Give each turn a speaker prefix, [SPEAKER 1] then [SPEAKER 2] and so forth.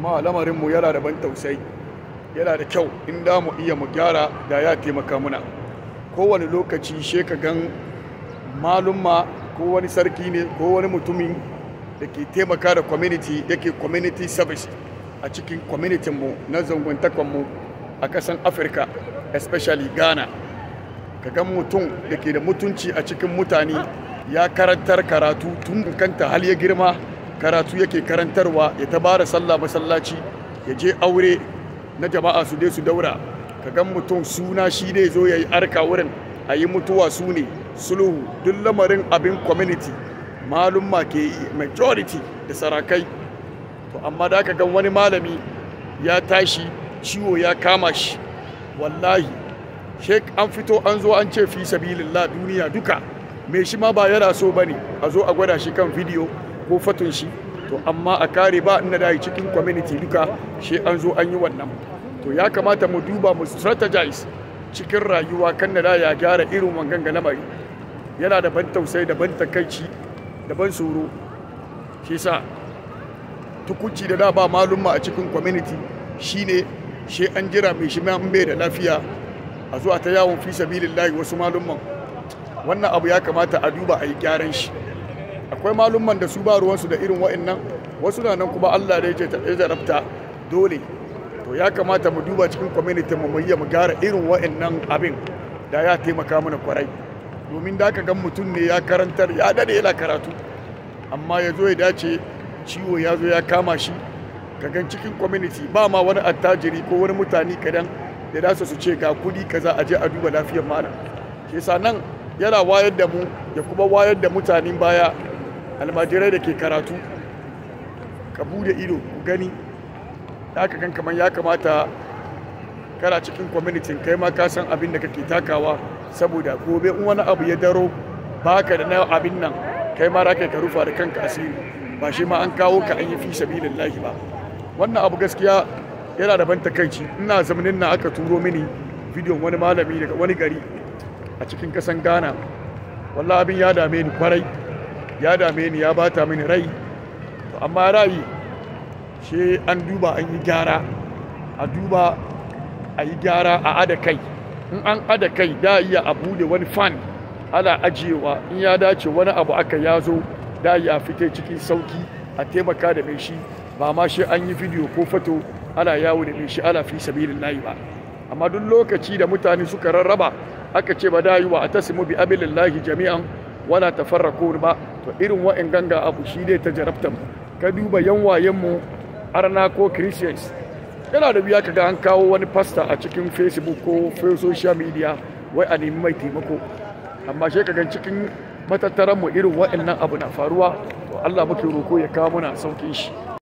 [SPEAKER 1] jama'a lamarinmu yana da ban tausayi yana da kyau in da mu iya mu gyara da ya taimaka muna kowane lokaci sheka gan malumma ko wani sarki ne ko wani mutumin da ke taimaka da community yake community service a cikin community mu na zangontakonmu a kasan afirka especially ghana ka gan mutum da ke da mutunci a cikin mutane ya karantar karatu tun kanta hal ya girma karatu yake karantarwa ya ta bara sallah masallaci ya je aure na jama'a su dai su daura ka gan mutum suna shi ne zo ya yi arka wurin a yi mutuwa su ne sulhu duk lamarin abin community ma ke majority da sarakai to amma da aka gan wani malami ya tashi ciwo ya kama shi wallahi shek an fito an zo an ce fi sabilillah duniya duka mai shi ma ba yana so bane a zo a gwada shi kan video ko fatun shi to amma a kare ba na da cikin community duka shi an zo an yi wannan to ya kamata mu duba mu strategize cikin rayuwa kan da ya gyara irin wangan ga lamari yana da ban tausayi da ban takaici da ban tsoro shi sa tukunci da da ba malumma a cikin community shine shi an jira mai shi bai da lafiya a zuwa ta yawon fi sabilillahi wasu malumman wannan abu ya kamata a duba a yi gyaran shi akwai malumman da su ba ruwansu da irin wa'annan wasu na nan kuma Allah da ya jarabta dole to ya kamata mu duba cikin community mu yi mu gara irin wa'annan abin da ya taimaka mana kwarai domin da aka gan mutum ne ya karantar ya dade yana karatu amma ya zo ya dace ciwo ya zo ya kama shi ka gan cikin community ba ma wani attajiri ko wani mutane kadan da dasa su ce ga kudi kaza a je a duba lafiyar malam shi nan yana wayar da mu ya kuma wayar da mutanen baya almajirai da ke karatu ka bude ido ku gani da aka kan kamar ya kamata kana cikin kwamitin kai ma ka san abin da kake takawa saboda gobe in wani abu ya daro baka da na abin nan kai ma da ka rufa da kanka asiri ba shi ma an kawo ka an yi fi sabilillahi ba wannan abu gaskiya yana da ban takaici ina zamanin na aka turo mini bidiyon wani malami daga wani gari a cikin kasan ghana wallah abin ya dame ni kwarai ya dame ni ya bata mini rai to amma rai shi an duba an yi gyara a duba a yi gyara a ada kai in an ada kai da iya a bude wani fan ala ajiyewa in ya dace wani abu aka yazo zo da iya fite cikin sauki a taimaka da mai shi ba ma shi an yi video ko fato ala yawo da mai shi ala fi sabilin ba amma duk lokaci da mutane suka rarraba aka ce ba da yi wa a tasimu bi abilillahi jami'an wala tafarraku ba to irin wa'in ganga abu shi dai ta jarabtan ka duba yan arna ko christians yana da ka ga an kawo wani pasta a cikin facebook ko social media wai a nemi mai taimako amma shi kaga cikin matattaran mu irin waɗannan abu na faruwa to Allah muke roko ya kawo muna saukin shi